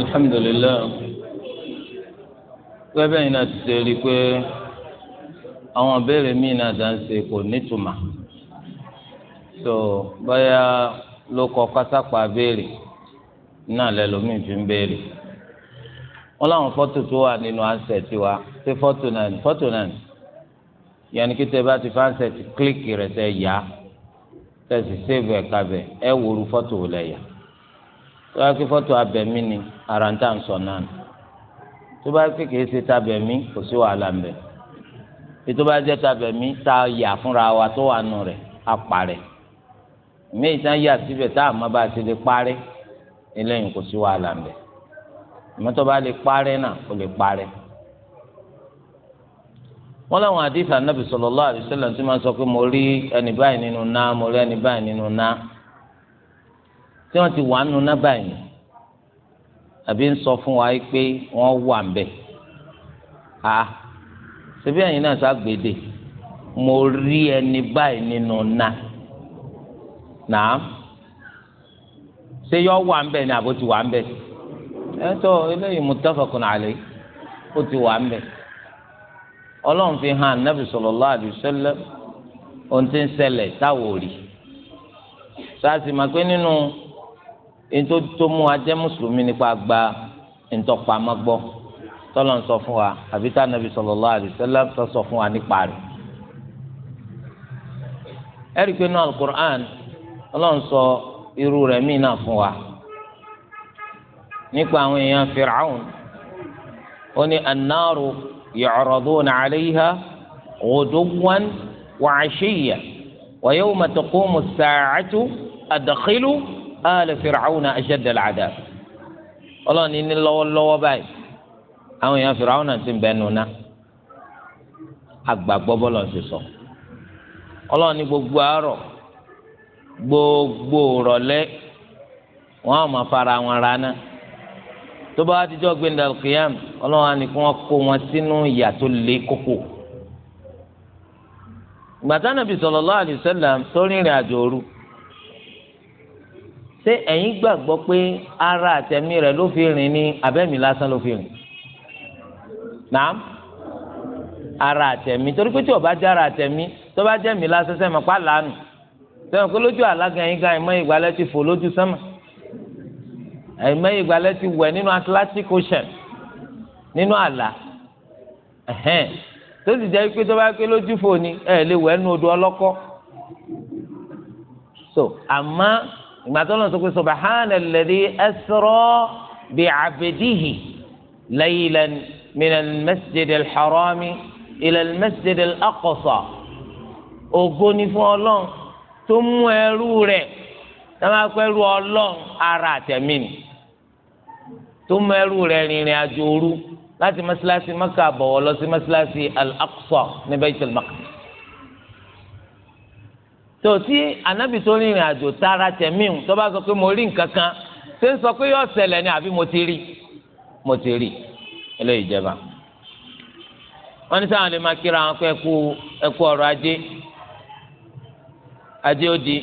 alhamdulilayi gbẹbẹ yìí náà ti ṣe rí i pé àwọn ìbéèrè míì náà dá ń ṣe kò nítumà so báyà ló kọ kásápà béèrè náà lẹlòmíì fi ń béèrè wọn láwọn fọ́tò tó wà nínú ansẹtì wa ṣé fọ́tò náà ní fọ́tò náà ní yẹnni kí tẹ bá ti fáńsẹtì kílíkì rẹ tẹ yá tẹ sì ṣéèbù ẹka wòru fọ́tò wò yá tó bá pé fọ́tò abẹ̀mí ni ara ń tà ń sọ náà tó bá pé kìí ṣe tabẹ̀mí kò sí wàhálà ń bẹ̀ ètò bá jẹ́ tabẹ̀mí tá a yà fúnra wa tó wà nù rẹ̀ á parẹ́ míì tá a yà síbẹ̀ tá a má bá a lè parẹ́ eléyìí kò sí wàhálà ń bẹ̀ mọ́tò bá lè parẹ́ náà kò lè parẹ́ wọ́n láwọn àdìsí ànábì sallallahu alaihi tí wọ́n sọ pé mo rí ẹni báyìí nínú ná mo rí ẹni báyìí nínú ná. tí wọn ti wà nù náà báyìí àbí ń sọ fún wa pé wọ́n wà ń bẹ̀ a ṣebí náà ṣàgbéde mo rí ẹni báyìí nínú náà nà ṣé yọ wà ń ni àbó ti wà ń bẹ̀ ẹ eléyìí ó ti wà ń bẹ̀ fi hàn nábì sallallahu alaihi wasallam ohun tí ń ṣẹlẹ̀ rí nínú. ètò tó mú wa jẹ́ mùsùlùmí nípa gba ntọ́pamọ́ gbọ́ tọ́lọ̀ ń sọ fún wa àbí tá nàbí sallallahu alaihi wasallam tó sọ fún wa nípa rẹ̀. ẹ̀rí pé náà alukur'an ọlọ́run sọ irú rẹ̀ míì náà fún wa nípa àwọn èèyàn Fir'aun ó ní an-nāru yu'radūna 'alayhā ghuduwwan wa 'ashiyyan wa yawma taqūmu ala fir'auna ashadda al'adab ọlọ́ọ̀ni ní lọ́wọ́lọ́wọ́ báyìí àwọn èèyàn fir'auna ti ń bẹ nùnà àgbàgbọ́ bọ́lọ̀ ti sọ ọlọ́ọ̀ni gbogbo àárọ̀ gbogbo rọ̀lẹ́ wọn àwọn máa fara wọn rana tó bá wá ti jọ́ gbẹ̀ndà kìyàm ọlọ́wọ́n kó wọn sínú ìyà tó koko gbàtà nàbì sallallahu alaihi wasallam tó rìnrìn àjò òru ṣé ẹ̀yin gbàgbọ́ pé ara àtẹ̀mí rẹ̀ ló fi rìn ní abẹ́mi lásán ló fi rìn nàám ara àtẹ̀mí torí pé tí ó bá jẹ́ ara àtẹ̀mí tó bá jẹ́ mi lásán sẹ́mi pa lánàá sẹ́mi pé lójú alága yín ga ìmọ̀ ìgbàlẹ̀ ti fò lójú sẹ́mi ìmọ̀ ìgbàlẹ̀ ti wẹ̀ nínú Atlantic Ocean nínú àlà tó sì jẹ́ pé tó bá pé lójú fò ni ẹ̀ lè wẹ̀ nínú odò ọlọ́kọ́ so àmọ́ ìgbà tó lọ sọ pé subahana alladhi asra bi abdihi laylan min al-masjid al-harami ila al-masjid al-aqsa ògo ni fún ọlọ́run tó mú ẹrú rẹ̀ táwọn akẹ́rù ọlọ́run ara àtẹ̀mí ni tó mú ẹrú rẹ̀ rìnrìn àjò òru láti mọ́sálásí maka bọ̀wọ̀ lọ sí mọ́sálásí al-aqsa ní tó tí anabi tó rìnrìn àjò tààrà tẹ̀míhùn tó bá sọ pé mo rí nǹkan kan ṣé ń sọ pé yóò ṣẹlẹ̀ ni àbí mo ti rí mo ti rí eléyìí jẹba. wọ́n ní sáwọn lè máa kíra àwọn pé ẹkú ẹkú ọ̀rọ̀ ajé ajé ó di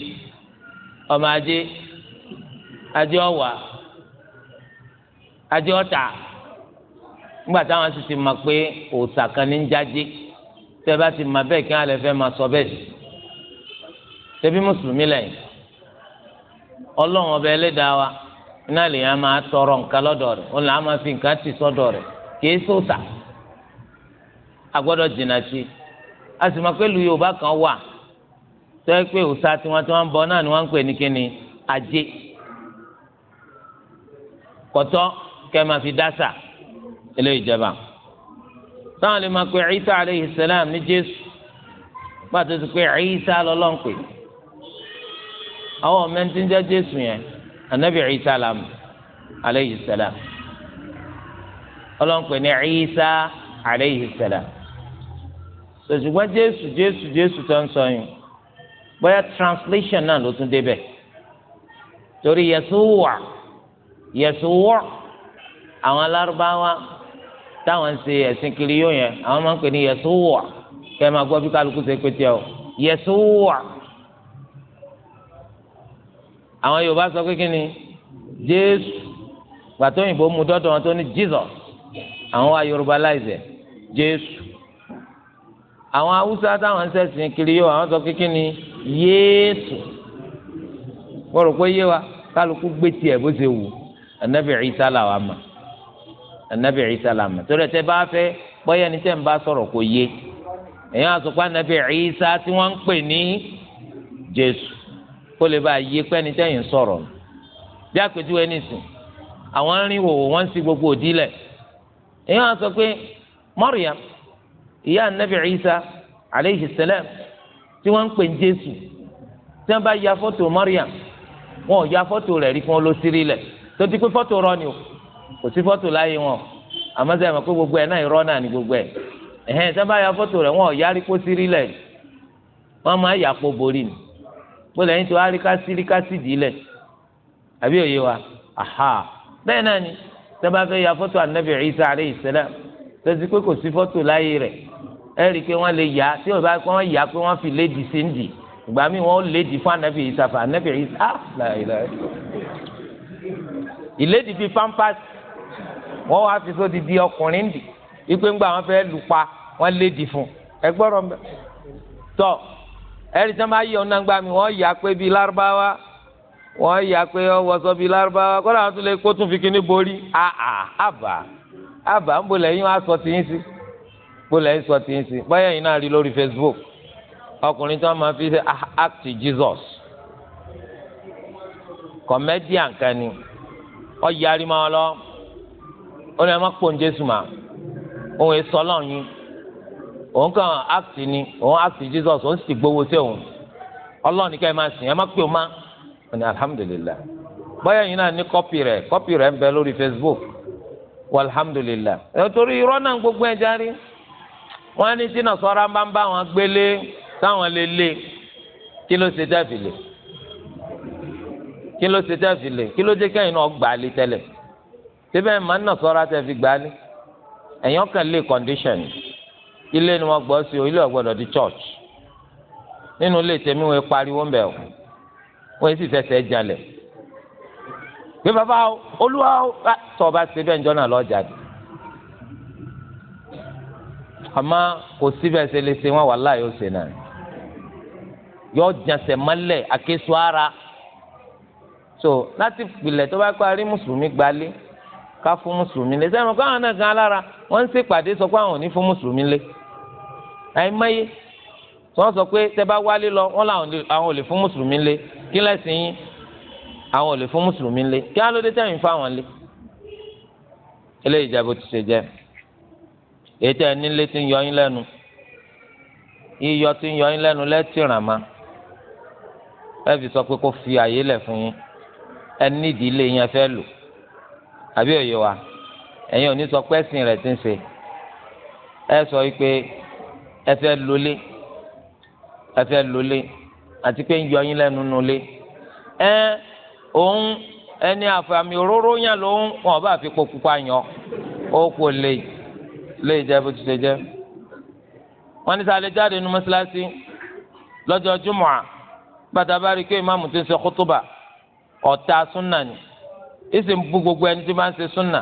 ọmọ ajé ajé ọ̀wà ajé ọ̀tà nígbà táwọn sì ti mọ̀ pé òòsà kan ní ń jáde tẹ́ bá ti mọ̀ bẹ́ẹ̀ kí wọ́n lè fẹ́ máa sọ bẹ́ẹ̀ sí ṣebí mùsùlùmí lẹ́yìn ọlọ́run ọba ẹlẹ́dàá wa iná lèèyàn máa tọrọ nǹkan lọ́dọ̀ rẹ̀ òun làá máa fi nǹkan tì sọ́dọ̀ rẹ̀ kìí sòsà agbọdọ jìnnà sí a sì máa yorùbá kan wà tó pé òòṣà tiwọn tí wọ́n bọ náà ni ń pè ní kíni ajé máa fi dáṣà lè máa ní àwọn ọmọ ẹni tí ń jẹ́ jésù yẹn anabi isa lam aleyhi salam ọlọ́nkpé ní isa aleyhi salam sọ̀tùgbọ́n jésù jésù jésù tó ń sọ yìí bóyá translation náà ló tún débẹ̀ torí yẹsùwà yẹsùwà àwọn alárúbáwá táwọn ń ṣe ẹ̀sìn kiri yóò yẹn àwọn máa ń pè ní yẹsùwà kẹ́ ẹ máa gbọ́ bí kálukú ṣe pété ọ yẹsùwà àwọn yorùbá sọ pé kí ni jésù gbàtọ́ òyìnbó mu dọ́dọ̀ wọn tó ní jesus àwọn wa yorùbá láìsẹ̀ jésù àwọn haúsá táwọn ń ṣẹ̀sìn kiri yóò àwọn sọ pé kí ni yéésù wọ́n rò pé yé wa kálukú gbé tiẹ̀ bó ṣe wù anabi isa là wà mà anabi isa là mà torí ẹ̀ bá fẹ́ bọ́yá ni tẹ́ ń bá sọ̀rọ̀ kò yé èèyàn àsopọ̀ anabi isa tí wọ́n ń pè ní jésù kó lè bá yé pẹ́ni tẹ́yìn sọ̀rọ̀ bí àpèjúwe nìsín àwọn arìn wò wọ́n ń sí gbogbo òdìlẹ̀ èyí wọn sọ pé Maryam ìyá anabi Isa aleyhi salam tí wọ́n ń pè ń Jésù tí wọ́n bá ya fọ́tò Maryam wọn ò ya fọ́tò rẹ̀ rí fún olóṣèlú lẹ̀ tó ti pé fọ́tò rọ ni o kò sí fọ́tò láyé wọn àmọ́ sẹ́yìn mọ̀ pé gbogbo ẹ̀ náà irọ́ náà ni gbogbo ẹ̀ ẹ̀hẹ́n sábà ya fọ́tò rẹ̀ wọ́n ò yárí kó sírí lẹ̀ wọ́n máa yà pọ̀ borí ni pé lẹ́yìn tí wàá rí kásí rí kásí dì í lẹ̀ àbí òye wa aha bẹ́ẹ̀ náà ni sábà fẹ́ ya fọ́tò anabi isa aleyhi salam tẹ̀sí pé kò sí fọ́tò láyé rẹ̀ ẹ rí i pé wọ́n lè yá tí ò bá pé wọ́n yá pé wọ́n fi léèdì sí ń ìgbà míì wọ́n léèdì fún anabi isa fún anabi isa ah ìlédìí bíi wọ́n wá fi sódi di ọkùnrin dì ipe wọn fẹ́ lù wọ́n léèdì fún ẹgbọ́rọ̀ mẹ́ tọ́ ẹ̀rí tí wọ́n bá yọ ọ̀nàgbà mi wọ́n yà pé bíi lárúbáwá wọ́n yà pé ọwọ́sọ bíi lárúbáwá kọ́dà wọn tún lè kó tún fi kíní borí àà àbà àbà ń bolẹ̀ yín wọ́n á sọ tìyín sí bolẹ̀ yín sọ tìyín sí báyà yín náà rí lórí Facebook ọkùnrin tí wọ́n máa fi ṣe ah, act Jesus comedian kan ni ọ̀yàrí máa lọ ó ní ẹ má pòun Jésù mà òun èso ọlọ́run yín òun kàn act ni òun act Jesus òun sì gbowó sí òun ọlọ́ọ̀ni ká ẹ máa sìn ẹ má pè ó má ọ̀nà alhamdulilayi báyọ̀ yìí náà ní kọ́pì rẹ̀ kọ́pì rẹ̀ ń bẹ lórí Facebook walhamdulilayi ẹ̀ torí irọ́ náà gbogbo ẹ̀ járí wọ́n á ní tí nàṣọ́ra bá ń bá wọn gbélé táwọn lè lé kí ló ṣe dá fìlè kí ló ṣe dá fìlè kí ló jẹ́ kẹ́yìn náà gbà á lé tẹ́lẹ̀ síbẹ̀ máa ń nàṣọ́ra tẹ́ fi gbà á lé ẹ̀yàn kan lé condition yìí ilé ni wọ́n gbọ́ sí o ilé ọ̀gbọ́dọ̀ di church nínú ilé tèmi wọ́n pariwo ń bẹ̀ o wọ́n sì fẹsẹ̀ jalẹ̀ pé bàbá o olúwa o tọ́ ọ bá ṣe bẹ́ẹ̀ njọ́ náà lọ́ọ́ jáde àmọ́ kò síbẹ̀ ṣe lè ṣe wọ́n wàláhì ó ṣe náà yọ jẹsẹ̀ mọ́lẹ̀ àkéṣu ara so láti pilẹ̀ tó bá parí mùsùlùmí gbalé ká fún mùsùlùmí lé sẹ́wọ̀n káwọn náà gan alára wọ́n ń ṣèpàdé sọ pé àwọn ò ní fún mùsùlùmí lé àìmọye tí wọ́n sọ pé tẹ́ bá wálé lọ wọ́n làwọn ò lè fún mùsùlùmí lé kí lẹ́sìn yín àwọn ò lè fún mùsùlùmí lé kí á ló dé tẹ̀yìn fáwọn lé eléyìí jẹ́ bó ti ṣe jẹ́ èyí tẹ́ ẹ nílé tí ń yọ yín lẹ́nu iyọ tí ń yọ yín lẹ́nu lẹ́tì ràn ẹ fi sọ pé kó fi àyè lẹ̀ fún yín ẹ nídìí ilé yẹn fẹ́ lò àbí òye wa ẹ̀yin ò ní sọ pé ẹ̀sìn rẹ̀ ti ń ṣe ẹ sọ wípé ẹ fẹ́ lólé ẹ fẹ́ lólé àti pé ń yọ yín lẹ́nu nulé ẹ òun ẹni àfàmì òróró yẹn lòun wọn bá fi kó pupa yàn ó kò lè lè jẹ bó ti ṣe jẹ wọn ní sáré jáde nu mọ́ṣáláṣí lọ́jọ́ júmọ̀ bàtà bá rí i pé ìmáàmù ti ń ṣe kótóbà ọ̀tá súnà ni ìsìn bú gbogbo ẹni tí bá ń ṣe súnà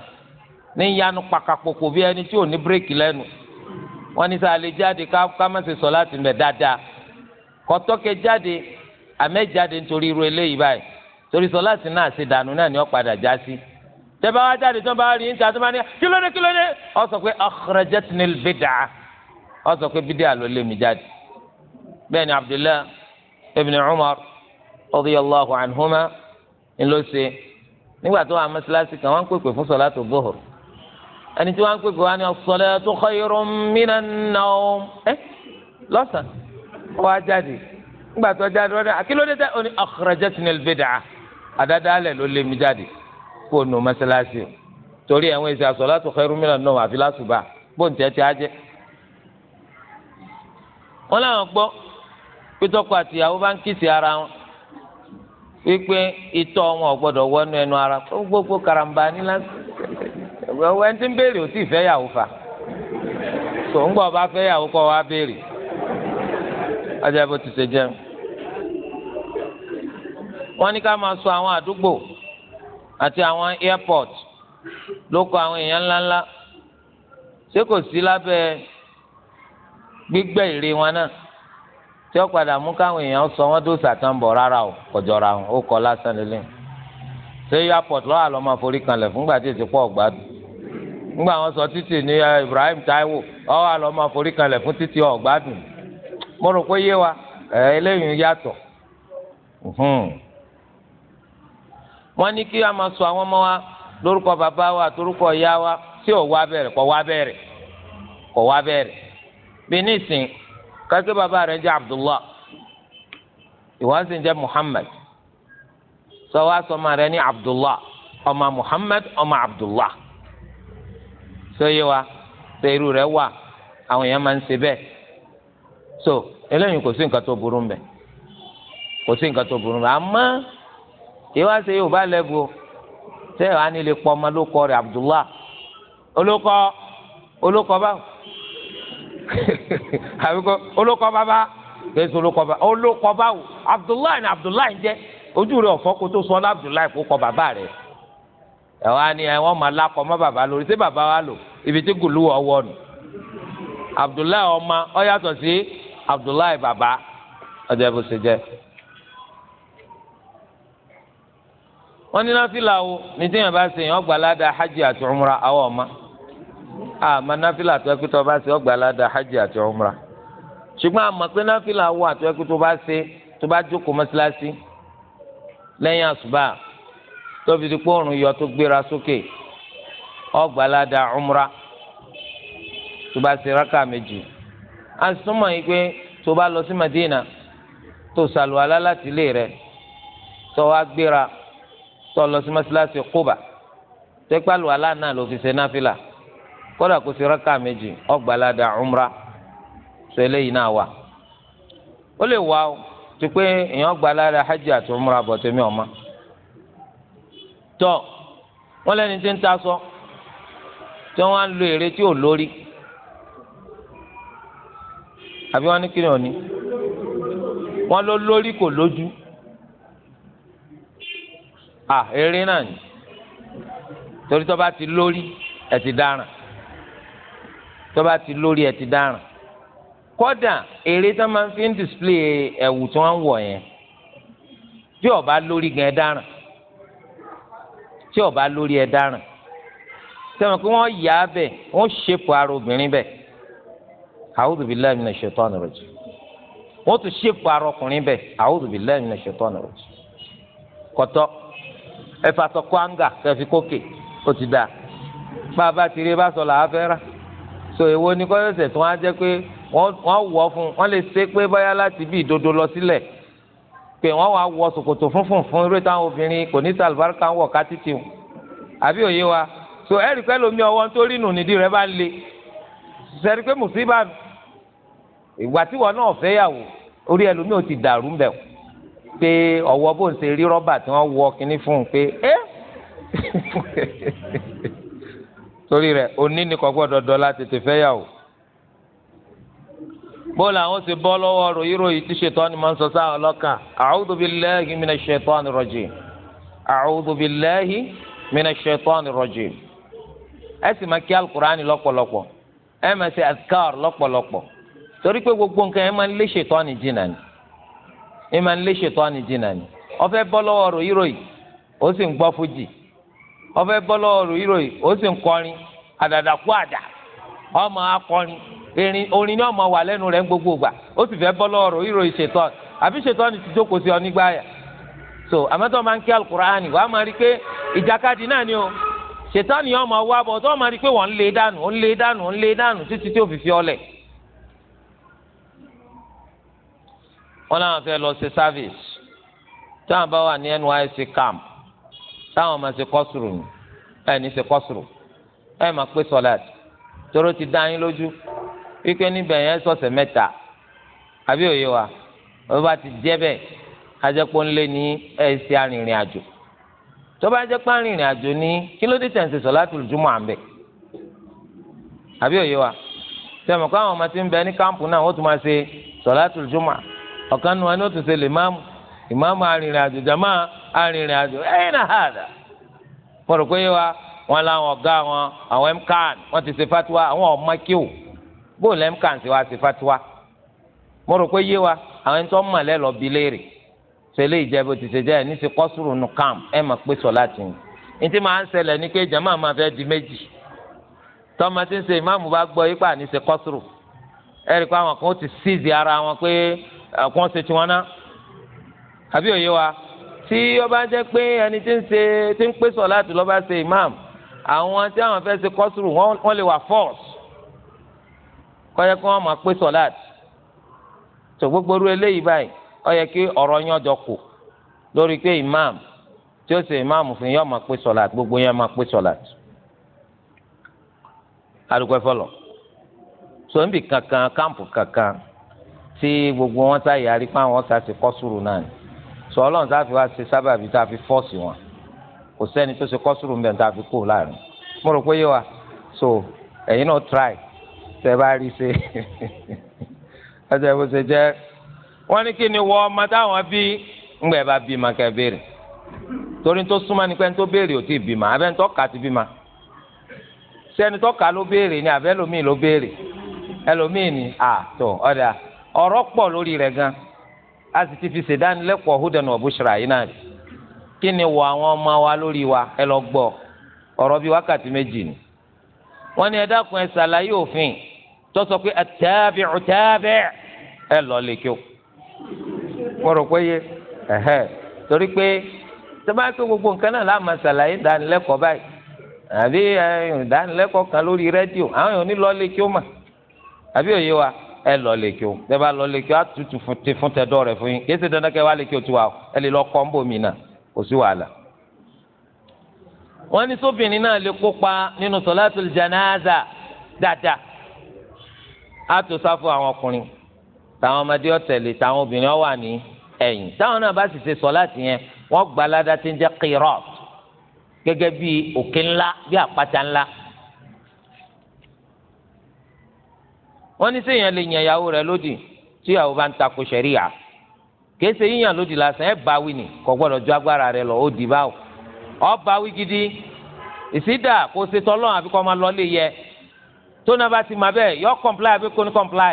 ní yanu pàkàpọ̀kọ̀ bí ẹni tí ò ní bírèkì lẹ́nu wọ́n ní sáà lè jáde ká má ṣe sọ láti mẹ dáadáa kọtọkẹ jáde àmẹjáde nítorí irú eléyìí báyìí torí sọ láti náà ṣe dànù náà ni ó padà já sí tẹ́bá wá jáde tó bá rí níta tó bá ní kílódé kílódé ọ sọ pé akhrajatni al-bid'ah ọ sọ pé bídà ló lé mi jáde bẹ́ẹ̀ ni Abdullah ibn Umar radiyallahu anhuma ńlọ nígbà tó wà mọ́ṣáláṣí kan wọ́n ń pèpè fún sọ̀látù zuhur ẹni tí wọ́n ń pèpè wá ní as-salatu khayrun minan nawm ẹ lọ́sàn wọ́n á jáde ńgbà tó jáde wọ́n dẹ àkìlódé tẹ ọ ní akhrajatni al-bid'ah àdáda alẹ ló lé mi jáde kó nù mọ́sálásí torí àwọn èsì as-salatu khayrun minan nawm àfi lásùbà bóńtẹ́ tí a jẹ́ wọn làwọn gbọ́ pétọkọ àtìyàwó bá ń kìsì ara wọn wípé ìtọ̀ wọn ò gbọ́dọ̀ wọnú ẹnu ara gbogbo karamba lásìkò ẹ̀rọ ẹni tí ń béèrè ò tí fẹ́ yàwó fa tó ń gbọ́ ọba fẹ́ yàwó kọ́ wa béèrè ọjà bó ti ṣe jẹ́ wọ́n ní ká máa sọ àwọn àdúgbò àti àwọn airport ló kọ àwọn èèyàn ńláńlá ṣé kò sí lábẹ́ gbígbẹ́ ìrè wọn náà tí ó padà mú káwọn èèyàn sọ wọ́n tó sàtàǹbọ̀ rárá o kọjọra o kọ lásán lélẹ̀ ṣé airport lọ́wọ́ àlọ́ máa forí kanlẹ̀ fúngbà tí èsì pọ̀ gbádùn ńgbà wọn sọ títì ní eh, Ibrahim Taiwo ọwọ́ àlọ́ máa forí kanlẹ̀ fún títì ọ̀gbádùn mo rò pé yé wa eh, eléyìí yàtọ̀ wọ́n ní kí a máa sọ àwọn ọmọ wa lórúkọ bàbá wa àtórúkọ ìyá wa tí ò wá bẹ̀rẹ̀ kọ̀ wá bẹ̀rẹ̀ kọ̀ wá bẹ̀rẹ̀ bí nísìn kákẹ́ bàbá rẹ̀ jẹ́ Abdullah ìwọ́n sì jẹ́ Muhammad sọ wá sọ ma rẹ̀ ní Abdullah ọmọ Muhammad ọmọ Abdullah sọyẹ wa ṣe irú rẹ̀ wà àwọn èèyàn máa ń ṣe bẹ́ẹ̀ so eléyìí kò sí nǹkan tó burú mbẹ kò sí nǹkan tó burú mbẹ àmọ́ ìwà ṣe yorùbá lẹ́bù ṣé wàá nílé pọ ọmọ lóko rẹ̀ Abdullah olóko olóko báwo àbíkọ olóko bàbá kèésì olóko bàbá olóko báwo Abdullah ni Abdullah ń jẹ ojú rẹ̀ ọ̀fọ́ kó tó sọ ọ́ ní Abdullah kó kọ bàbá rẹ̀ ẹ wá ní ẹ wọn máa lakọ mọ bàbá lórí ṣé bàbá wa lò ibi tí gùlù wọ wọ nù abdullahi ọmọ ọ yàtọ̀ sí abdullahi bàbá ọjọ́ ìbò ṣe jẹ́. wọ́n ní náfìlà wo ní tí yẹn bá ṣe yẹn ọgbà ládàá hajj àti umra àwọn ọmọ àmọ́ náfìlà tó ẹkú tó bá ṣe ọgbà hajj àti umra ṣùgbọ́n àmọ́ pé náfìlà wo àti ẹkú tó bá ṣe tó bá jókòó mọ́ṣáláṣí lẹ́yìn àṣùbà tóbi dikpó òrùn yọ tó gbéra sókè ọgbàládà umra tó bá ṣe méjì a súnmọ́ yìí pé tó lọ sí Madina tó láti ilé rẹ tó wá gbéra tó lọ sí tó náà fi náfìlà kódà kó méjì tó eléyìí náà wà ó lè wá ti pé tọ wọn lẹni tí ń ta sọ tí wọn á lo èrè tí ò lórí àbí wọn ní kí ni òní wọn ló lórí kò lójú à eré náà ni torí tó bá ti lórí ẹ ti dáràn tó bá ti lórí ẹ ti dáràn kódà eré tó máa fi ń display ẹ̀wù tí wọ́n ń wọ̀ yẹn bí ọba lórí gan ẹ dáràn tí ó bá lórí ẹ dáràn sẹ́wọ̀n kí wọ́n yà á bẹ̀ wọ́n ṣèpò ara obìnrin bẹ̀ a'udhu billahi minash shaitani rajim wọ́n tún ṣèpò ara ọkùnrin bẹ̀ a'udhu billahi minash shaitani rajim kọ́tọ́ ẹ̀fà sọ kwanga kẹfì kókè ó ti dáa bàbá tìrẹ bá sọ làá fẹ́ rà so èwo ni kọ́ ẹ̀sẹ̀ tí wọ́n á jẹ́ pé wọ́n wọ̀ fún wọ́n lè ṣe pé báyà láti bí ìdodo lọ sílẹ̀ pé wọ́n wá wọ ṣòkòtò funfun fún irú táwọn obìnrin kò ní sàlùbáríkà ń wọ̀ ká títì o àbí òye wa so ẹ̀rí pẹ́ lomi ọwọ́ nítorí nù nídìí rẹ bá ń le sẹ́rí pé mùsíbà ìgbà tí wọn náà fẹ́ yàwó orí ẹlòmíì ò ti dàrú mbẹ̀ pé ọ̀wọ́ bó ń ṣe rí rọ́bà tí wọ́n wọ kínní fún un pé ẹ́ torí rẹ̀ òní ni kò gbọ́dọ̀ dọ́lá tètè fẹ́ yàwó. bó làwọn ṣe bọ́ lọ́wọ́ ròyìnròyìn tí ṣètọ́ni máa ń sọ sáwọn ọlọ́kàn a'udhu billahi minash shaitani rajim a'udhu billahi minash shaitani rajim ẹ sì máa kí alukur'ani lọ́pọ̀lọpọ̀ ẹ máa ṣe lọ́pọ̀lọpọ̀ torí pé gbogbo nǹkan ẹ máa ń lé ṣètọ́ni jìnnà ni ẹ máa ń lé ṣètọ́ni jìnnà ni Ofe bọ́ lọ́wọ́ ròyìnròyìn ó sì ń gbọ́ fújì bọ́ erin orin ni ọmọ wà lẹ́nu rẹ̀ ń gbogbo gbà ó sì fẹ́ bọ́ lọ́rọ̀ ìrò ìṣètọ́n àbí ṣètọ́n ti jókòó sí ọ nígbà yà so àmọ́tọ́ máa ń kí alukur'ani wàá máa rí i pé ìjàkadì náà ni o ma ni ọmọ wa bọ̀ tó máa rí i pé wọ́n ń lé dànù ń lé dànù ń lé dànù títí tí fi fi ọlẹ̀. wọ́n lọ service táwọn bá wà ní NYSC camp táwọn máa ṣe kọ́sùrù ẹ̀ ní ṣe kọ́sùrù máa wípé níbẹ̀ yẹn sọ̀sẹ̀ mẹ́ta àbí òye wa wọ́n bá ti jẹ́ bẹ́ẹ̀ ajẹ́pọ̀ ńlẹ̀ ní ẹ̀ẹ́sì arìnrìn àjò tó bá jẹ́ pé arìnrìn àjò ní kí ló dé tẹ̀sí sọ̀látul jumu'a àmbẹ̀ àbí òye wa sẹ́mi kọ́ àwọn ọmọ tí ń bẹ ní kámpù náà wọ́n tún máa ṣe sọ̀látul jumu'a ọ̀kan nu wọn ó tún ṣe lè máàmù ìmáàmù arìnrìn àjò jàmá arìnrìn àjò ẹ̀yìn náà hàdà mo rò pé wa wọn làwọn ọ̀gá wọn àwọn mkan wọn ti ṣe fatiwa àwọn ọmọ kíw bó lẹ́mkàǹtì wa sí fatiwa mo rò pé yé wa àwọn ẹni tó ń mọ̀lẹ́ lọ bi léèrè sẹlẹ̀ ìjẹ́bù ti ṣe jẹ́ ẹ̀ ní ti kọ́sùrù nù kàm ẹ̀ máa pé sọ láti yìn ní ti máa ń ṣẹlẹ̀ ní pé jàmáà máa fẹ́ di méjì tọ́mọ tí ń ṣe ìmáàmù bá gbọ́ yípa ní ṣe kọ́sùrù ẹ̀ rí i pé àwọn kan ti ṣíìzì ara wọn pé ọ̀kan ṣe tiwọn ná àbí òye wa tí ó bá jẹ́ pé ẹni tí ń ṣe tí ń pé sọ láti lọ́ bá ṣe ìmáàmù àwọn tí àwọn fẹ́ ṣe kọ́sùrù wọ́n lè wà fọ́ọ̀sì kọ́yẹ́ kí wọ́n máa pé sọ́láàt tó gbogbo ru eléyìí báyìí ó yẹ kí ọ̀rọ̀ yẹn ọjọ́ kù lórí pé imam tí ó ṣe imam fún yẹn máa pé sọ́láàt gbogbo yẹn máa pé sọ́láàt adúgbò fọlọ́ sọ́nbì kankan káàmpù kankan tí gbogbo wọn sáyé arípa wọn sá ti kọ́ sùúrù náà ni sọ ọlọ́run tá a fi wá ṣe sábàbí tá a fi fọ́ọ̀sì wọn kò sẹ́ni tó ṣe kọ́ sùúrù ń bẹ̀ tá a fi kú láàrin mo rò pé yé wa so ẹ̀yin náà try tẹ bá rí ṣe ṣe jẹ wọn ní kí ni wọ ọmọ táwọn bí bá bí ma kẹ béèrè torí tó ni pé ń tó béèrè ò tí ì abẹ́ ń ti sẹ́ni ló béèrè ni abẹ́ ló béèrè ni à tó ọ̀dà ọ̀rọ̀ pọ̀ lórí wọ àwọn ọmọ wa wa ọ̀rọ̀ bíi wákàtí méjì ni tó sọ pé àtàbí ọ̀tàbí ẹ lọ lè kí o mo rò pé yé ẹ̀hẹ́ torí pé tó bá pé gbogbo nǹkan náà láàmà ṣàlàyé ìdánilẹ́kọ̀ọ́ báyìí àbí ìdánilẹ́kọ̀ọ́ kan lórí rédíò àwọn èèyàn ní lọ lè kí o mà àbí òye wa ẹ lọ lè kí o bẹ́ẹ̀ lọ lè kí o á tutù ti fún rẹ̀ fún yín kí ẹsẹ̀ dandan kẹ́ lè kí o tu wa ẹ lè lọ kọ́ ń bò mí náà kò sí wàhálà wọ́n ní sóbìnrin náà lè kópa nínú dáadáa àtò sáfù àwọn ọkùnrin táwọn ọmọdé ọ̀tẹ̀lẹ̀ táwọn obìnrin ọ̀wà ní ẹ̀yìn táwọn náà bá sì ṣe sọ láti yẹn wọ́n gba aládá tí ń jẹ́ kírọ́t gẹ́gẹ́ bí òkè ńlá bí àpáta ńlá. wọ́n ní sèèyàn lè yàn ìyàwó rẹ̀ lódì tí ìyàwó bá ń takò ṣẹ̀ríyà kìí ṣe yíyàn lódì lásán ẹ̀ bá wí ni gbọ́dọ̀ ju agbára rẹ̀ lọ ó dì báwò ọ̀ bá gidi ìsídà kò ṣe tọ́lọ́ àbíkọ́ máa lọ lé yẹ tó náà bá ti mà bẹ́ẹ̀ yọ comply àbí kò ní comply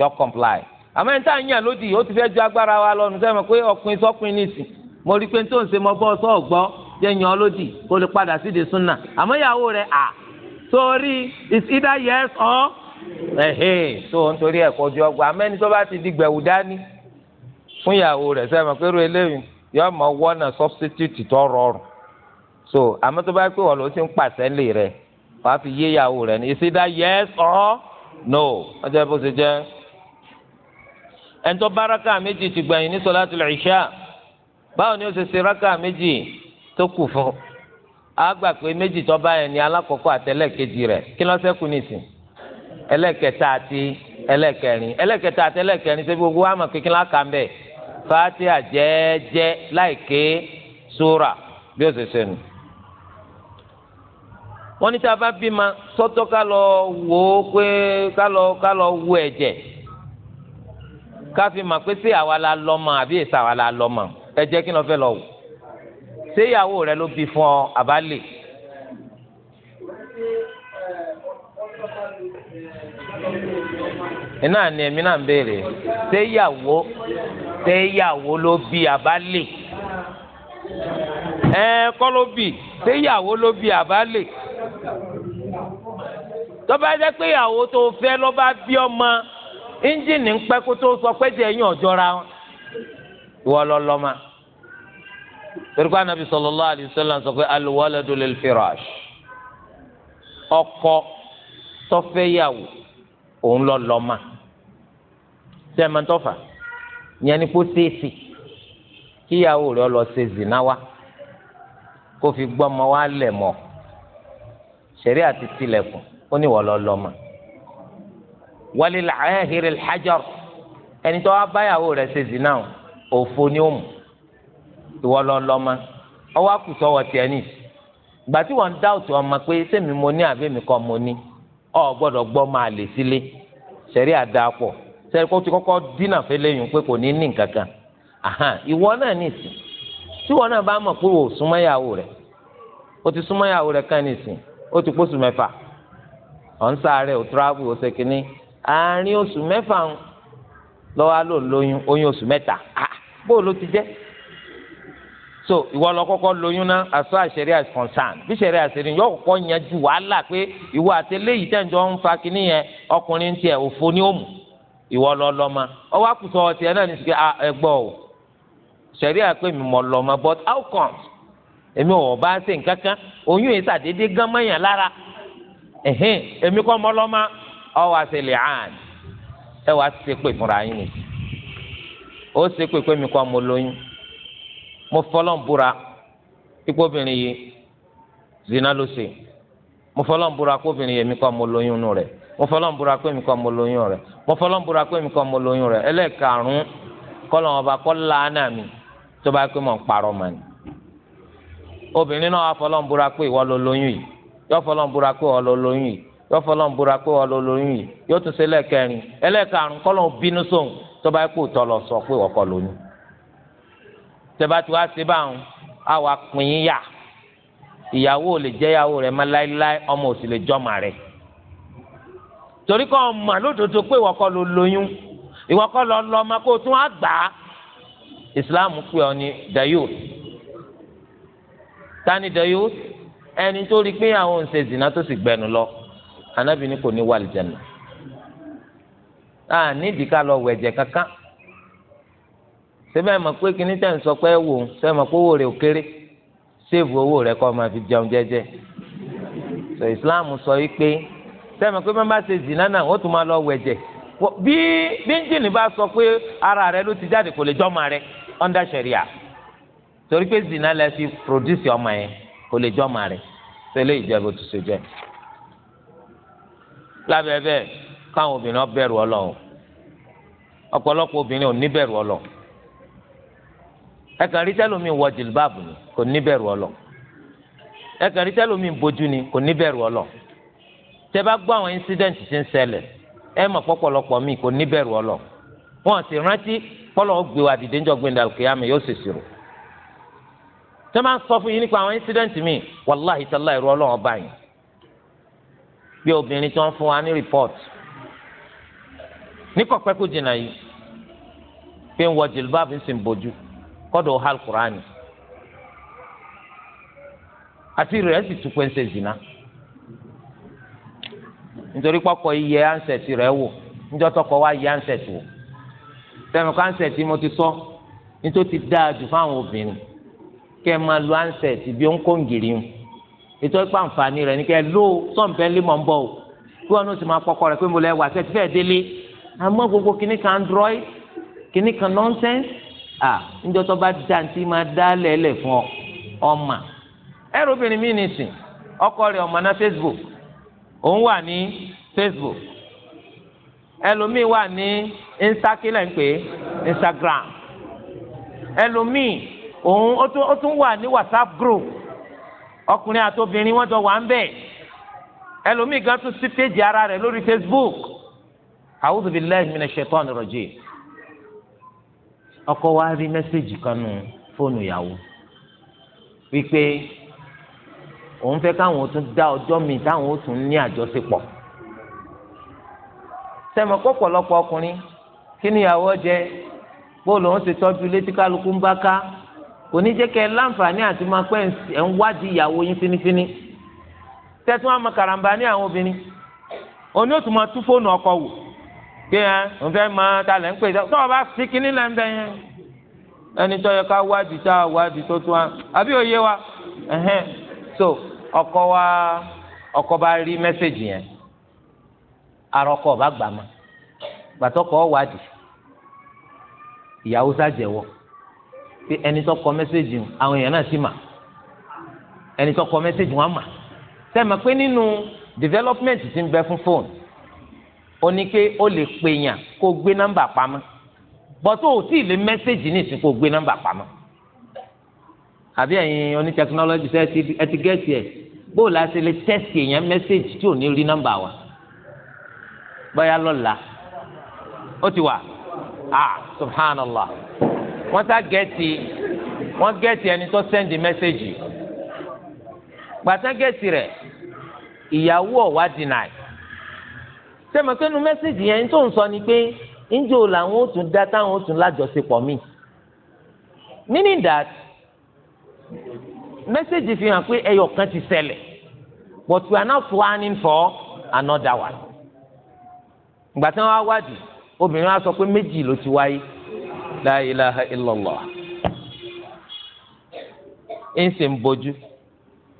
yọ comply àmọ́ ẹni tá à ń yàn lódì ó ti fẹ́ ju agbára wa lọ nùsẹ́ mọ̀ pé ọkùnrin sọ́kùnrin nìsín mo rí i pé tó ń ṣe mọ bọ́ sọ́ ọ̀gbọ́ jẹ́ yan lódì kó lè padà síde súnà àmọ́ ìyàwó rẹ̀ à sórí it's either yes or ẹ̀hẹ́ tó ń torí ẹ̀kọ́ ojú ọgbà àmọ́ ẹni tó bá ti di gbẹ̀wù dání fún ìyàwó rẹ̀ sẹ́ mọ̀ pé ru eléyìí yọ mọ̀ wọ́nà substitute tó rọrùn so àmọ́ tó bá pé wọ́n ló wàá fi yé ìyàwó rẹ ní ìsídá yes or no ọjọ́ bó ṣe jẹ́ ẹ̀ńtọ́ báraka méjì ti gbẹ̀yìn ní sọlátul ìṣá báwo ni ó ṣe ṣe raka méjì tó kù fún a gbà pé méjì tó bá yẹn ní alákọ̀ọ́kọ́ àtẹlẹ́kejì rẹ̀ kí ló ṣẹ́kù nìsín ẹlẹ́kẹta àti ẹlẹ́kẹrin ẹlẹ́kẹta àti ẹlẹ́kẹrin ṣe gbogbo àmọ̀ kékeré láka mbẹ́ fàtíà jẹ́ẹ́jẹ́ láìké sóra bí ó ṣe ṣe nù wọ́n ní tí a bá bímọ sọ́tọ̀ ká lọ wò ó pé ká lọ ká lọ wo ẹ̀jẹ̀ ká fi mà pé ṣé àwa la lọ́mọ àbí èsì àwa la lọ́mọ ẹ̀jẹ̀ kí ló fẹ́ lọ wò ṣé ìyàwó rẹ ló bí fún ọ àbálẹ. iná ni èmi náà ń béèrè ṣé ìyàwó ṣé ìyàwó ló bí àbálẹ ẹ kọ́ ló bí ṣé ìyàwó ló bí àbálẹ. tọ́ba jẹ́ pé ìyàwó tó fẹ́ lọ́ba bí ọmọ ẹ́ńjìnì ń pẹ́ kó tó sọ pé jẹ́ ẹ̀yìn ọ̀jọ́ra torí anabi sallallahu sọ pé ọkọ tọfẹyàwó òun lọ lọmà sẹmẹtọfà yẹn ni kó ṣèèṣì kíyàwó rẹ̀ sẹ̀rí àti tilẹ̀kùn ó ní wọ́n lọ lọ mọ́ wálé làáhìrì hajar ẹni tó wá báyàwó rẹ̀ ṣe zina òfo ni ó mú ìwọ lọ lọ mọ́ ọwọ́ àkùsọ̀ wọ̀ tiẹ̀ ní ìgbà tí wọ́n dá òtún ọmọ pé sẹ́mi mo ní àbí mi kọ́ mo ní ọ gbọ́dọ̀ gbọ́ máa lè sílé sẹ̀rí àdàpọ̀ sẹ́ni kó ti kọ́kọ́ dínà fẹ́lẹ́yìn pé kò ní ní nǹkan kan náà ní ìsìn tí náà bá mọ̀ pé o súnmọ́ ìyàwó rẹ̀ o ti súnmọ́ rẹ̀ kan ní ìsìn ó ti pósù mẹ́fà ọ̀n sáré ò tíráàbù ò ṣèkínní àárín oṣù mẹ́fà lọ́wọ́ ló lóyún oyún oṣù mẹ́ta ah, bó ló ti jẹ́ so ìwọ lọ kọ́kọ́ lóyún náà as far as sharia is concerned bí sharia àṣẹrí yóò kọ́kọ́ yanjú wàhálà pé ìwọ àti eléyìí tẹ̀jọ́ ń fa kínní yẹn ọkùnrin tiẹ̀ òfo ni ó mú ìwọ lọ lọ́mọ ọwọ́ àkùsọ̀ tiẹ̀ náà ní sike ah, ẹgbọ́ o sharia àpè mi mọ̀ lọ́mọ but how comes èmi ò bá ṣe nǹkan kan oyún yìí ṣàdédé gán mọ́yàn lára ẹ̀hìn èmi kọ́ mọ́lọ́mọ́ ọ wá ṣe lè hàn ẹ wá ṣe pé fúnra yín ni ó ṣe pé pé mi kọ́ mo lóyún mo fọlọ́n búra ipò obìnrin yìí zina ló ṣe mo fọlọ́n búra pé obìnrin yìí mi kọ́ mo lóyún nù rẹ̀ mo fọlọ́n búra pé mi kọ́ mo lóyún rẹ̀ mo fọlọ́n búra pé mi kọ́ mo lóyún rẹ̀ ẹlẹ́ẹ̀karùn-ún kọ́ lọ́wọ́ kọ́ láánà mi tó bá pé mò ń parọ́ mọ́ obìnrin náà wà fọlọ́n búra pé ìwọ ló lóyún yìí yóò fọlọ́n búra pé ìwọ ló lóyún yìí yóò fọlọ́n búra pé ìwọ ló lóyún yìí yóò tún ṣe lẹ́ẹ̀kẹrin ẹlẹ́ẹ̀karùn kọ́lọ́n bínú sóhun tó bá kó tọ́ lọ sọ pé ìwọ kọ́ lóyún tẹ́bá tí wàá ṣe báwọn á wàá pín yà ìyàwó ò lè jẹ́ ìyàwó rẹ̀ má láéláé ọmọ ò sì lè jọ́mà rẹ̀ torí kọ́ ọmọ lódodo pé ìwọ kọ́ lóyún ìwọ tani dayus ẹni tó rí pé àwọn ò ń ṣe zina tó sì gbẹnu lọ anabi ni kò ní wà lìjẹnu a nídìí ká lọ wẹ̀jẹ̀ kankan sẹ́fẹ̀ mọ̀ pé kíní tẹ̀ ń sọ pé wò ó sẹ́fẹ̀ mọ̀ pé owó rẹ̀ ò kéré séèvù owó rẹ̀ kọ́ máa fi jẹun jẹ́jẹ́ sọ Islam sọ yìí pé sẹ́fẹ̀ mọ̀ pé bá ń bá ṣe zina náà ó tún máa lọ wẹ̀jẹ̀ bí bí ń jìnnì bá sọ pé ara rẹ̀ ló ti jáde kò lè jọ́ máa rẹ̀ under sharia torí pé zina lẹ fi produce ọmọ yẹn kò lè jọ ọmọ rẹ tẹlẹ ìjẹbù tó ṣe jẹ lábẹ́ bẹ́ẹ̀ káwọn obìnrin bẹ̀rù Ọlọ́run ọ̀pọ̀lọpọ̀ obìnrin ò ní bẹ̀rù Ọlọ́run ẹkàn rí tẹlómi wọ jìlbáàbù ni kò ní bẹ̀rù Ọlọ́run ẹkàn rí tẹlómi bojú ni kò ní bẹ̀rù Ọlọ́run tẹ bá gbọ́ àwọn incident tí ń ṣẹlẹ̀ ẹ mọ̀ pọ̀pọ̀lọpọ̀ mi kò ní bẹ̀rù Ọlọ́run wọn sì rántí pọlọ gbé wa dìde ńjọ yóò ṣèṣirò tẹ́ máa ń sọ fún yín nípa àwọn incident mi wàláhì tálà ìrú ọlọ́run ọba yìí bí obìnrin tó ń fún wa ní report ní kọ̀pẹ́ kò jìnnà yìí pé ń wọ jìlbáàbù ń sìn bójú kọ́dọ̀ hal kùránì àti rẹ̀ sì tún pé ń ṣe zina nítorí pọ́kọ iye ansẹ̀t rẹ̀ wò níjọ́ tọkọ wa iye ansẹ̀t wò sẹ́mi kọ́ mo ti sọ nítorí ti dáa jù obìnrin kẹ́ ẹ máa lo ansẹ̀t bí ó ń kó ngìrì ń ètò ìpá àǹfààní rẹ̀ ní kẹ́ ẹ lò ó sọ̀npẹ́ lé mọ̀ ń bọ̀ o kí wọn ó sì máa kọ́kọ́ rẹ̀ pé mo lẹ́ wà sẹ́ẹ̀ tí fẹ́ẹ́ délé àmọ́ gbogbo kìíní kan android kìíní kan nonsense à níjọ́ tó bá dá ntí máa dá lẹ́lẹ̀ fún ọ ọmọ ẹrù obìnrin mi nìsín ọkọ rẹ̀ ọmọ náà facebook òun wà ní facebook ẹlòmíì wà ní instakilẹ̀ ń pè instagram ẹlòmíì òun ó tún wà ní whatsapp group ọkùnrin àtobìnrin wọn jọ wà ń bẹ ẹlòmíì gan tún sí péjì ara rẹ lórí facebook a'udhu billahi minash shaitani rajim ọkọ wa rí mẹsàgì kan nù fóònù ìyàwó wípé òun fẹ́ káwọn tún dá ọjọ́ mi táwọn tún ní àjọṣepọ̀ sẹmọ pọpọlọpọ ọkùnrin kí ni ìyàwó jẹ bóòlù òun ti tọ́jú létí kálukú ń bá ká kò ní jẹ́ kẹ́ ẹ láǹfààní àti máa pẹ́ ẹ̀ ń wádìí ìyàwó yín fínífíní tẹ́tún àmọ́ karambà ní àwọn obìnrin òní ó tún máa tú fóònù ọkọ wò pé ẹ ń fẹ́ máa ta lẹ́ ń pè é tọ́ ọ bá fi kínní lẹ́ ń bẹ yẹn ẹni tó yẹ ká wádìí tá a wádìí tó tún wa àbí òye wa so ọkọ wa ọkọ bá rí mẹ́sẹ̀gì yẹn arọkọ ọba gbàmà gbàtọkọ wádìí ìyàwó sájẹwọ́ pé ẹni tó kọ mẹ́sẹ̀gì àwọn èèyàn náà sì mà ẹni tó kọ mẹ́sẹ̀gì wọn mà sẹ́mi pé nínú development ti ń bẹ fún fóònù ó ní pé ó lè pèèyàn kó gbé nọ́mbà pamọ́ bọ́tò ò tí ì lè mẹ́sẹ̀gì ní ìsìn kó gbé nọ́mbà pamọ́ àbí ẹ̀yin oní tẹkinọ́lọ́jì sẹ́ ẹ ti gẹ̀ẹ́sì ẹ̀ bóòlù àti lè tẹ́sì èèyàn mẹ́sẹ̀gì tí ò ní rí nọ́mbà wa bóyá lọ́la ó ti wà ah subhanallah wọ́n sá gẹ̀ẹ́tì wọ́n gẹ̀ẹ́tì ẹni tó sẹ́ndì mẹ́sẹ̀gì gbàtà gẹ̀ẹ́tì rẹ̀ ìyàwó ọ̀wá dìnnàì sẹ́mi pé nu mẹ́sẹ̀gì yẹn tó ń sọ ni pé ńjẹ́ o làwọn ò tún dá táwọn ò tún lájọṣepọ̀ mi meaning that mẹ́sẹ̀gì fi hàn pé ẹyọ kan ti ṣẹlẹ̀ but we are now planning for another one gbàtà wọn wá wádìí obìnrin wa sọ pé méjì ló ti wáyé. la ilaha illallah ń sì ń bójú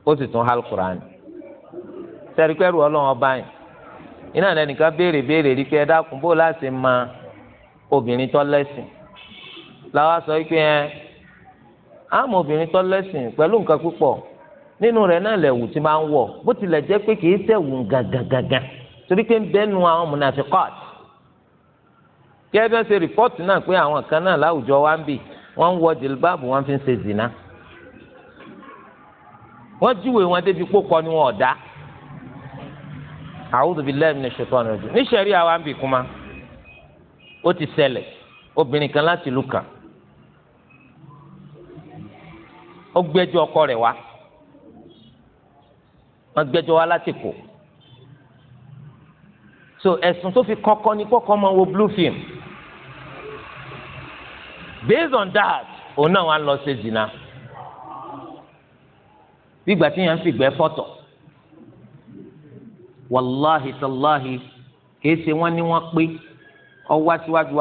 ó sì tún alukur'an sẹ́rí ọba yìí iná lẹ́nìkan béèrè béèrè rí pé ẹ dákun bó láti ma obìnrin tó lẹ́sìn làwa sọ pé ẹ àmọ́ obìnrin tó lẹ́sìn pẹ̀lú nǹkan púpọ̀ nínú náà tí máa ń bó pé gàgàgàgà torí pé ń àwọn kí ẹ bẹ́ẹ̀ ṣe rìpọ́ọ̀tì náà pé àwọn kan náà láwùjọ wa ń bì wọ́n ń wọ jìlbáàbù wọ́n fi ń ṣe zìnà wọ́n júwèé wọn débi pópọ̀ ni wọn ọ̀dá a'udhu billahi minash shaitanir rajim ní sẹ́rí àwa ń bì kuma ó ti ṣẹlẹ̀ obìnrin kan láti ìlú kan ó gbẹ́jọ́ ọkọ rẹ̀ wá wọ́n gbẹ́jọ́ wá láti kù so ẹ̀sùn tó fi kọ́kọ́ ní kọ́kọ́ máa wo blue film. based on that òun náà wà lọ ṣe zina bí ìgbà tí yẹn ń fìgbẹ́ fọ́tọ̀ wàláhi tàláhi kìí ṣe wọ́n ní wọ́n pé ọwọ́ síwájú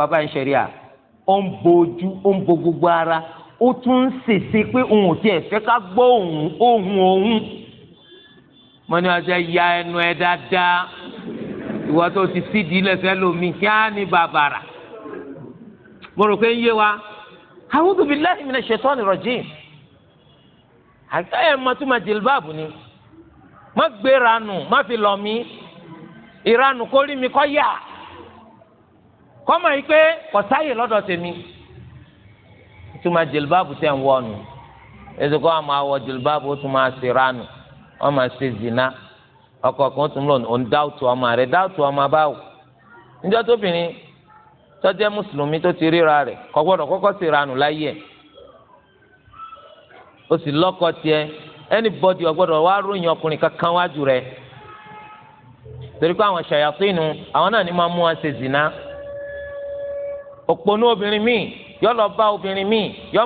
wa gbogbo ara ó tún ń ṣèṣe pé òun ò tiẹ̀ ohun ká gbọ́ òun òun òun mo ní ya ẹnu ẹ dáadáa ìwọ tó ti sídìí lẹsẹ lómi kí á ní bàbàrà. mo rò pé ń yé wa a'udhu billahi minash shaitani rajim àtẹ̀yẹ mọ́túmọ̀ jìlbáàbù ni má gbé ranù má fi lọ mí ìranù kó rí mi kọ́ yà kọ́mọ̀ yìí pé kò sáyè lọ́dọ̀ tèmi túmọ̀ jìlbáàbù tẹ̀ ń wọ̀nù ezekọ àmọ́ àwọ̀ jìlbáàbù ó tún máa ṣe ranù wọ́n máa ṣe zina ọkọ̀ kan tún lọ òun dáwùtù ọmọ rẹ̀ dáwùtù ọmọ báwò níjọ́ tó jẹ́ mùsùlùmí tó ti ríra rẹ̀ kò gbọ́dọ̀ kọ́kọ́ sì ranù láyé ẹ̀ sì lọ́kọ tiẹ̀ anybody ò wá ròyìn ọkùnrin kankan wájú rẹ̀ torí pé àwọn àwọn náà ni máa mú wọn ṣe zìnà òpònú obìnrin míì yọ lọ bá obìnrin míì yọ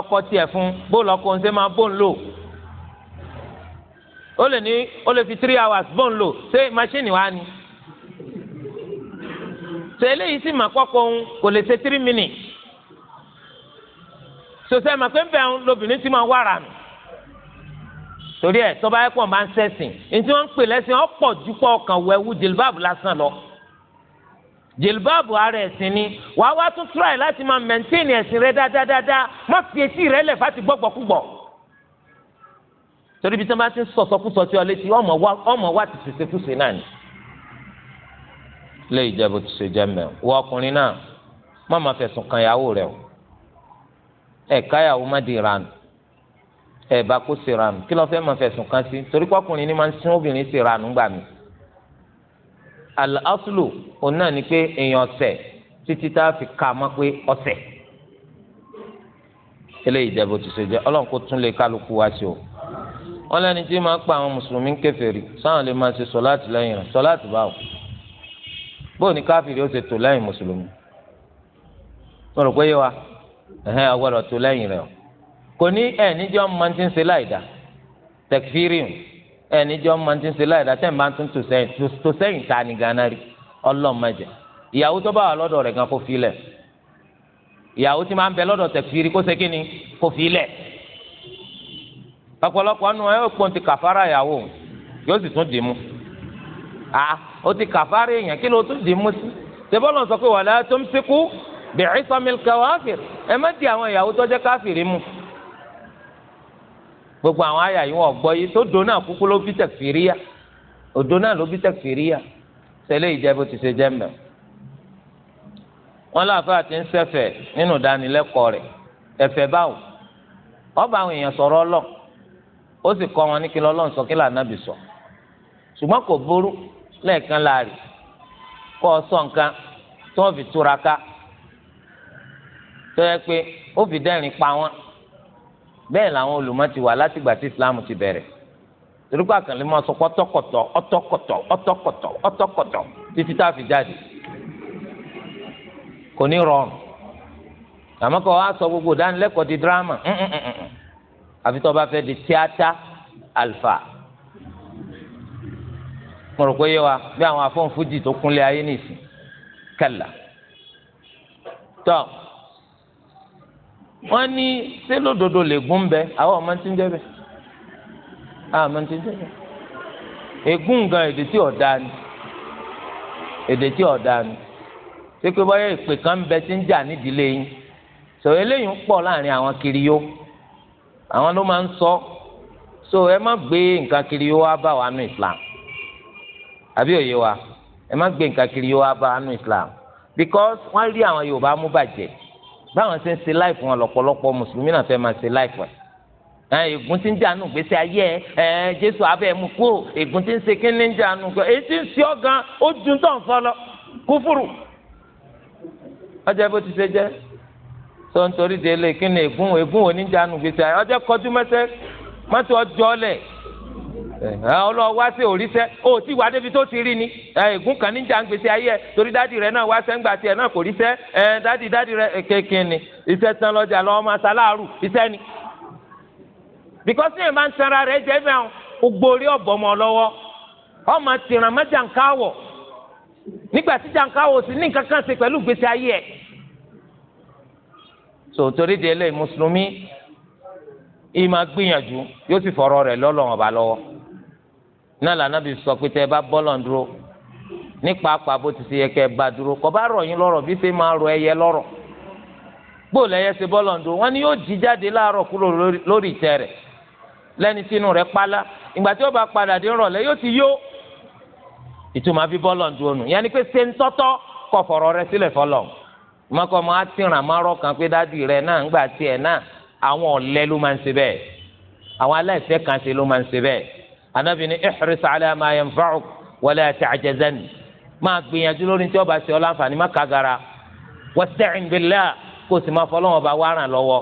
ọkọ fún bóòlù ọkọ ṣe máa lò ó lè ní ó lè fi three hours ni. so eléyìí sì mà kọ́kọ́ òun kò lè ṣe three minutes sọsẹ́ mà pé ń bẹ̀ òun lobìnrin ti máa wàrà nù torí ẹ̀ tọ́ba ẹ̀kọ́ máa ń sẹ́sìn ntí wọ́n ń pè lẹ́sìn ọ̀pọ̀ jùpọ̀ ọ̀kan wẹ̀wù jìlbáàbù lásán lọ jìlbáàbù ara ẹ̀sìn ni wàá wá tún tíráì láti máa mẹ̀ntẹ́ẹ̀nì ẹ̀sìn rẹ dáadáa má fi etí rẹ lẹ̀ fáti gbọ́gbọ́kúgbọ̀ torí bí sọ́ba ti ń sọ̀sọ́kúsọ tí ọ létí ọmọ wa ti ṣèṣe fúnṣe náà ni lé ìjẹ́bù tó ṣe jẹ́ mẹ́ wọ ọkùnrin náà má má fẹ̀sùn kan ìyàwó rẹ̀ o ẹ̀ káyàwó má di ìranù ẹ̀ bá kó sí ìranù kí ló fẹ́ má fẹ̀sùn kan sí torí pọ́kùnrin ni máa ń sin obìnrin sí ìranù gbà mí. al-aslu òun náà ni pé èèyàn ọ̀sẹ̀ títí tá a fi ká a mọ́ pé ọ̀sẹ̀ eléyìí ìjẹ́bù tó ṣe jẹ́ ọlọ́run kó tún lè kálukú wá sí o wọ́n lẹ́ni tí máa ń pa àwọn mùsùlùmí kèfèrí sáwọn lè máa ṣe sọ̀láàtì lẹ́yìn rẹ̀ sọ̀láàtì báwo bóòní káfíìrì ó ṣe tò lẹ́yìn mùsùlùmí mo rò pé yé wa ẹ̀hẹ́n agbọ́dọ̀ tò lẹ́yìn rẹ̀ o kò ní ẹ̀ níjọ́ máa ti ń ṣe láìda tẹkfírì ẹ̀ níjọ́ máa ti ń ṣe láìda tẹ̀ máa tún tò sẹ́yìn tò sẹ́yìn ta ni gánà rí ọlọ́mọdé ìyàwó tó bá wà lọ́dọ̀ rẹ̀ gan kó fi lẹ̀ ìyàwó tí máa ń bẹ lọ́dọ̀ tẹkfírì kó ṣe kí ni kó fi lẹ̀ ọ̀pọ̀lọpọ̀ nù ẹ̀ ó pọ̀ ti kàfárà ìyàwó yóò sì tún dì í mú a ah, ó ti kàfárì èèyàn kí ló tún dì í mú sí tẹ́bọ́lọ̀ sọ pé wàlá tó ń sekú bẹ̀rẹ̀ sọmil kawáfìr ẹ má di àwọn ìyàwó tọ́jẹ́ káfìrí mu gbogbo àwọn àyà yìí wọ́n gbọ́ yìí tó do náà kúkú ló bí tẹ̀fìríyà òdo náà ló bí tẹ̀fìríyà tẹ́lẹ̀ ìjẹ́ bó ti ṣe jẹ́ mbẹ́ wọn láàfáà ti ń nínú ìdánilẹ́kọ̀ọ́ rẹ̀ ẹ̀fẹ̀ báwo ọba àwọn èèyàn sọ̀rọ̀ ọlọ́ ó sì kọ́ wọn ní kí lọ́lọ́ sọ kí lànà bì sọ ṣùgbọ́n kò burú lẹ́ẹ̀kan láàrin kọ́ ọ sọ nǹkan tí wọ́n fi túra ká tó yẹ pé ó fi dẹ́rìn pa wọ́n bẹ́ẹ̀ làwọn olùmọ̀ ti wà látìgbà tí Islam ti bẹ̀rẹ̀ torí pé àkànlẹ́ máa sọ pé ọtọkọtọ ọtọkọtọ ọtọkọtọ ọtọkọtọ títí tá a fi jáde kò ní rọrùn àmọ́ kọ́ wa sọ gbogbo ìdánilẹ́kọ̀ọ́ di dírámà àfi tó o bá fẹ́ di tíátá àlùfáà mo rò pé yé wa bí àwọn afọ́nfújì tó kúnlẹ̀ ayé nìsín kàlà tọ́ wọ́n ní sẹ́lódodo lè gún bẹ́ àwọn ọmọ tí ń jẹ́ bẹ́ àwọn ọmọ tí ń jẹ́ bẹ́ ègún gan èdè tí ọ̀dà ni èdè tí ọ̀dà ni ṣé báyọ̀ ìpè kan bẹ tí ń jà nídìílé yín sọ̀rọ̀ eléyìí pọ̀ láàrin àwọn kiri yó àwọn ló máa ń sọ so ẹ má gbé nǹkan kiri yó wá bá wa nù Islam àbí òye wa ẹ má gbé nǹkan kiri yóò wá bá anú islam because wọ́n rí àwọn yorùbá mú bàjẹ́ báwọn ṣe ń ṣe láì fún wọn lọ́pọ̀lọpọ̀ mùsùlùmí náà fẹ́ máa ṣe láì fún ẹ ègún tí ń dànù gbèsè ayé ẹ ẹ jésù abẹ mú kúrò ègún tí ń ṣe kí ní dànù gbèsè èyí tí ń ṣe ọ gan ó dun tó ń fọ lọ kúfùrù ọjọ́ bó ti ṣe jẹ́ tó ń torí délé kí ni ègún ègún òní dànù gbèsè ayé ọjọ́ kọjú mẹsẹ mọtò ọjọ́ lẹ ọlọ́wọ́ wá sí òrìṣẹ́ ó ti wá débi tó ti rí ni ègún kan níjà ń ayé ẹ torí dádì rẹ náà wá sẹ́ńgbà tiẹ̀ náà kò ríṣẹ́ ẹ dádì dádì kéèké ni iṣẹ́ tán lọ́jà lọ́wọ́ máa ṣaláàrù iṣẹ́ ni. bíkọ́sì yẹn máa ń sanra rẹ jẹ́ bẹ́ẹ̀ o orí ọ̀bọ̀ mọ́ lọ́wọ́ ọmọ tìràn má jàǹkáwọ̀ nígbà tí náà lànà bí sọ pé tẹ ẹ bá bọ́lọ̀ ń dúró nípa apá bó ti ṣe yẹ kẹ ẹ bá dúró kọ bá rọ̀ yín lọ́rọ̀ bí ṣe máa rọ ẹyẹ lọ́rọ̀ gbóòlù ẹyẹ ṣe bọ́lọ̀ ń dúró wọn ni yóò jí jáde láàárọ̀ kúrò lórí ìtẹ́ rẹ̀ lẹ́ni tínú rẹ̀ pálá ìgbà tí ó bá padà dé rọ̀lẹ́ yóò ti yó ìtumọ̀ àfi bọ́lọ̀ ń nù yẹn ni pé ṣe ń tọ́tọ́ kọ fọ̀rọ̀ rẹ sílẹ̀ fọlọ̀ anabi ni ihris ala ma yanfa'uk wala ta'jazan máa gbìyànjú lórí tí ó bá ṣe ọ láǹfààní má kagara wasta'in billah kó o sì máa fọlọ́wọ́n bá wá ràn lọ́wọ́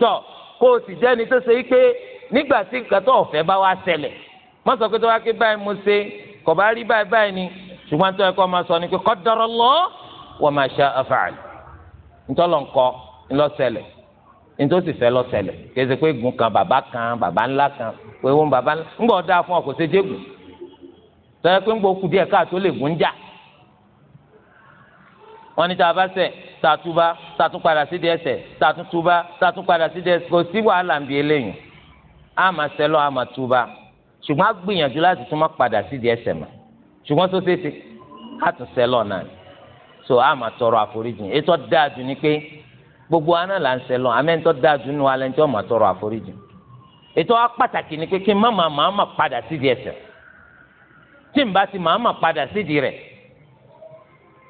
tọ kó o sì jẹ́ni tó ṣe pé nígbà tí nǹkan tó ọ̀fẹ́ bá wá ṣẹlẹ̀ má sọ pé tó wá pé báyìí mo ṣe kò bá rí báyìí báyìí ni ṣùgbọ́n tó yẹ kó máa sọ ni pé qadarallahu wa ma sha'a fa'al ntọ́lọ̀ nǹkan ńlọ́ṣẹlẹ̀ nítòsí fẹ́ lọ́sẹ̀lẹ̀ kéde pé gun kan bàbá kan bàbá ńlá kan pé wọn bàbá ńlá ńgbà ọ̀dà fún ọkọ̀ ṣe jégùn tọ́yẹ pé ńgbà òkú díẹ̀ káàtó lè gùn jà wọn ní tá a bá ṣẹ̀ tá a túbá tá a tún padà sí díẹ̀ ṣẹ̀ tá a tún túbá tá a tún padà sí díẹ̀ kò sí wàhálà ń bi eléyìí á máa ṣẹ̀ lọ á máa túbá ṣùgbọ́n á gbìyànjú láti tún máa padà sí díẹ̀ ṣẹ̀ mọ́ ṣùgbọ́n tó ṣe é ṣe á tún ṣẹ̀ náà so á máa tọrọ àforíjì ètò dáa ni pé gbogbo aná là ń sẹ lọ amẹ́ńtọ́ dájú nu alẹ́ ńtọ́ mà tọrọ àforíjì ètò wa pàtàkì ni kékeré mama màmá padà di ẹsẹ̀ tí n bá ti màmá padà sídìí rẹ̀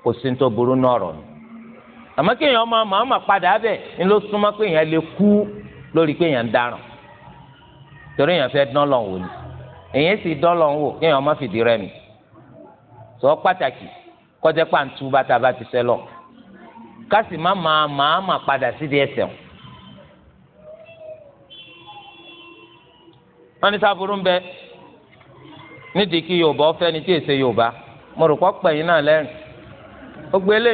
kò sí tó burú náà rọ̀ ni àmọ́ kéèyàn ọmọ màmá padà bẹ̀ ni ló súnmọ́ pé lè kú lórí pé dáràn torí èèyàn fẹ́ dán lọ́n wò ni èèyàn sì dán lọ́n wò kéèyàn ọmọ fìdí rẹ̀ mi sọ pàtàkì kọjá pàǹtù bàtà bá ti sẹ́ ka si ma ma ma máa padà sí di ẹsẹ̀ o. wọ́n ní sábúrú ń bẹ nídìí kí yorùbá ọ̀fẹ́ ni tí èsè yorùbá mo rò pọ́ pẹ̀yìn náà lẹ́rìn ó gbé ni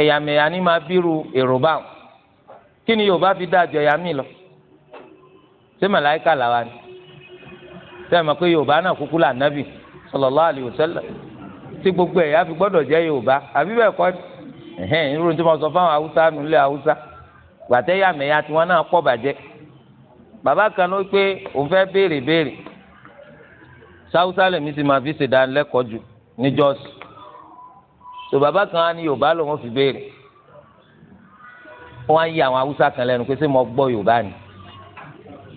ẹ̀yàmẹ̀yà ni máa bírú èrò báwọn kí ni yorùbá fi dájọ ẹ̀yà mi lọ ṣé màláìka làwa ni sẹ́yìn mọ̀ pé yorùbá náà kúkú là tí gbogbo ẹ̀yà fi gbọ́dọ̀ jẹ́ yorùbá àbí bẹ́ẹ̀ kọ́ ẹ̀hẹ́n irú tí wọ́n sọ fáwọn haúsá nílẹ̀ haúsá gbàtẹ́ yàmẹ̀yà tí wọ́n náà pọ̀ bàjẹ́ bàbá kan ló pé òun fẹ́ béèrè béèrè sáwúsá lèmi ti máa fi ṣèdánilẹ́kọ̀ọ́ jù ní jọ́ọ̀sì tó bàbá kan á ní yorùbá lòun fi béèrè wọ́n á yí àwọn haúsá kan lẹ́nu pé ṣé mo gbọ́ yorùbá ni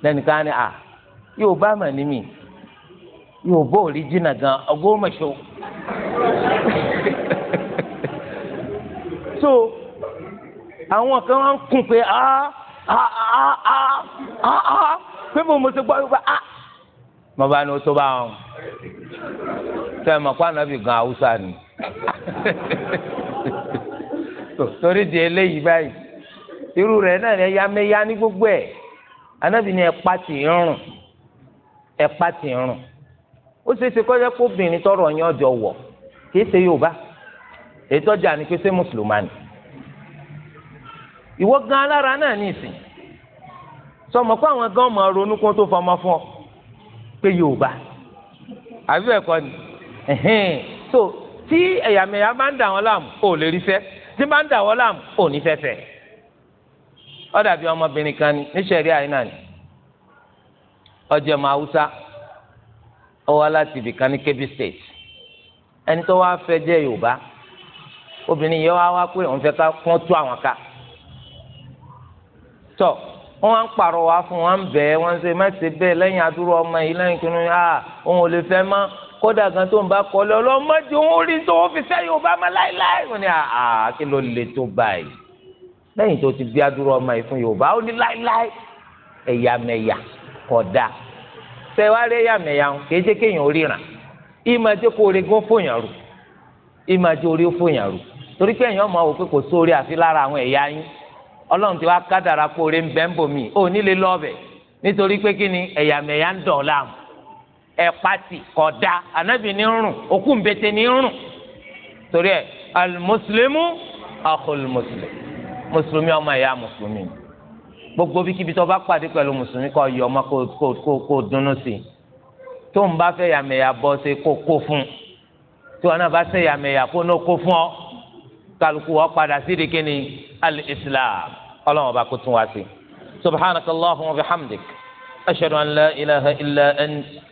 lẹ́nìkan á ní à yorùbá mà ní mi yorùbá ò rí jìnnà gan ọgọ́rùn-ún so àwọn kan wá kún pé a ah, a ah, a ah, a a a pé mo mo ti gbọ́ wípé a mo bá ní o tó bá wọn tẹ ẹ mọ̀ pé ànábì gan haúsá ni torí di eléyìí báyìí irú rẹ̀ náà ẹ ya mẹ́ya ní gbogbo ẹ̀ ànábì ni ẹ pa tì í rùn ẹ pa tì í rùn ó ṣeé ṣe kọ́jà kó obìnrin tọrọ yẹn ọjọ́ wọ̀ kì í ṣe Yorùbá ètò ọjà ni pé ṣé mùsùlùmánì ìwọ gan alára náà ní ìsìn sọmọ pé àwọn gan ọmọ ronú kó tó fọmọ fún ọ pé yorùbá àbí ẹ̀kọ́ ni so tí ẹ̀yàmẹ̀yà bá ń dà wọ́n láàmú ò lè rí fẹ́ tí bá ń dà wọ́n láàmú ò ní fẹ́fẹ́ ọ dàbí ọmọbìnrin kan ní níṣẹ̀rí àyínà ni ọjọ́ ọmọ haúsá ó láti ibìkan ní Kebbi State ẹni tó wá fẹ́ jẹ́ yorùbá obìnrin yẹn wá wá pé òun fẹ́ ká kún tó àwọn ká tọ wọn wá ń pàrọ̀ wá fún wọn bẹ wọn ṣe má ṣe bẹ́ẹ̀ lẹ́yìn adúrú ọmọ yìí lẹ́yìn kinu ah òun ò lè fẹ́ mọ́ kódà gan tó ń bá kọ lọ ọlọmọdé òun rí tó fi sẹ́yìn ò bá mọ láéláé wọn ni ah kí ló lè tó báyìí lẹ́yìn tó ti bí adúrú ọmọ yìí fún Yorùbá ó ní láéláé ẹ̀yàmẹ̀yà kódà tẹwárí ẹ̀yàmẹ̀yà kìí jẹ́ kéèyàn ó ríran ìmọ̀ ẹjẹ́ kó o rí gún fòyàn rù ìmọ̀ ẹjẹ́ orí ó rù torí pé èèyàn máa wò pé kò sóore àfi lára àwọn ẹ̀yà yín ọlọ́run ti wá kádàrá pé oore ń bẹ́ ń bò mí ò ní lè lọ nítorí pé kí ni ẹ̀yàmẹ̀yà ń dọ̀ láàmú ẹ̀ pati kódà ànábì ní rùn òkú ń bete ní rùn torí ẹ̀ alimuslimu akọlùmùsùlùmí mùsùlùmí ọmọ ẹ̀yà mùsùlùmí gbogbo bí kíbi tó bá pàdé pẹ̀lú mùsùlùmí kó yọ ọmọ kó kó kó dùnnú sí i tó ń bá fẹ́ yàmẹ̀yà bọ́ ṣe kó kó fún un wọn náà bá ṣe yàmẹ̀yà kó náà kó fún ọ kálukú wa padà sí ìdíkẹ́ ni al-islam ọlọ́run ọba kò tún wá sí subhanaka allahumma wa bihamdik ashhadu an la ilaha illa ant.